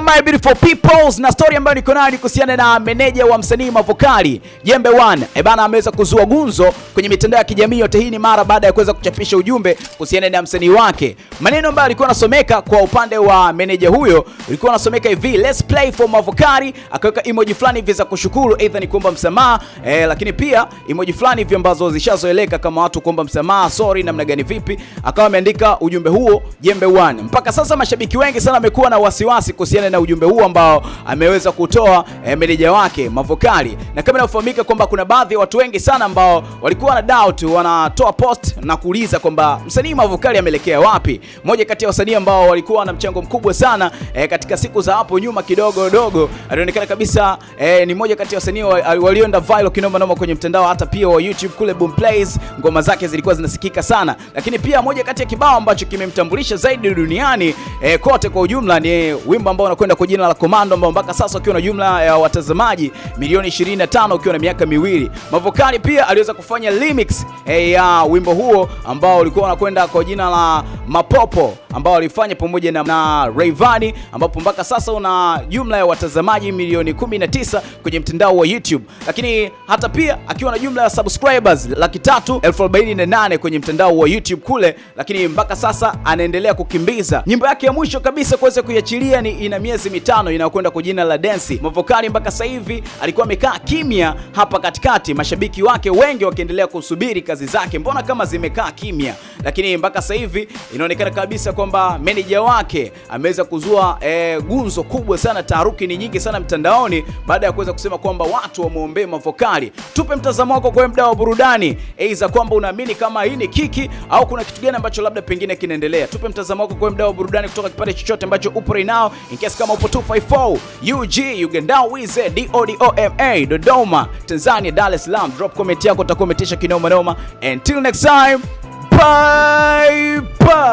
my beautiful peoples, na story ambayo niko nayo ni kuhusiana na meneja wa msanii Mavokali Jembe One. Eh bana, ameweza kuzua gunzo kwenye mitandao ya kijamii. Yote hii ni mara baada ya kuweza kuchapisha ujumbe kuhusiana na msanii wake. Maneno ambayo alikuwa anasomeka kwa upande wa meneja huyo ilikuwa anasomeka hivi, let's play for Mavokali, akaweka emoji fulani hivi za kushukuru, aidha ni kuomba msamaha eh, lakini pia emoji fulani hivi ambazo zishazoeleka kama watu kuomba msamaha, sorry, namna gani, vipi, akawa ameandika ujumbe huo Jembe One. Mpaka sasa mashabiki wengi sana wamekuwa na wasiwasi kuhusiana tuachane na ujumbe huu ambao ameweza kutoa eh, meneja wake Mavokali, na kama inafahamika kwamba kuna baadhi ya watu wengi sana ambao walikuwa na doubt, wanatoa post na kuuliza kwamba msanii Mavokali ameelekea wapi. Moja kati ya wasanii ambao walikuwa na mchango mkubwa sana eh, katika siku za hapo nyuma kidogo dogo, alionekana kabisa eh, ni moja kati ya wasanii walioenda viral kinoma noma kwenye mtandao hata pia wa YouTube kule Boom Plays, ngoma zake zilikuwa zinasikika sana, lakini pia moja kati ya kibao ambacho kimemtambulisha zaidi duniani eh, kote kwa ujumla ni wimbo ambao wanakwenda kwa jina la Komando ambao mpaka sasa wakiwa na jumla ya watazamaji milioni 25 ukiwa na miaka miwili. Mavokali pia aliweza kufanya remix hey, ya wimbo huo ambao ulikuwa unakwenda kwa jina la Mapopo ambao alifanya pamoja na, na Rayvanny ambapo mpaka sasa una jumla ya watazamaji milioni 19 kwenye mtandao wa YouTube, lakini hata pia akiwa na jumla ya subscribers laki tatu elfu arobaini na nane kwenye mtandao wa YouTube kule, lakini mpaka sasa anaendelea kukimbiza. Nyimbo yake ya mwisho kabisa kuweza kuiachilia ni ina miezi mitano inayokwenda kwa jina la Dance. Mavokali mpaka sasa hivi alikuwa amekaa kimya hapa katikati, mashabiki wake wengi wakiendelea kusubiri kazi kazi zake, mbona kama zimekaa kimya, lakini mpaka sasa hivi inaonekana kabisa kwamba meneja wake ameweza kuzua e, gunzo kubwa sana, taharuki ni nyingi sana mtandaoni baada ya kuweza kusema kwamba watu wamwombee Mavokali. Tupe mtazamo wako kwa mda wa burudani, aidha kwamba unaamini kama hii ni kiki au kuna kitu gani ambacho labda pengine kinaendelea. Tupe mtazamo wako kwa mda wa burudani kutoka kipande chochote ambacho upo right now, in case kama upo 254 UG Uganda Wize DODOMA Dodoma Tanzania Dar es Salaam, drop comment yako, utakometisha kinoma noma. Until next time, bye bye.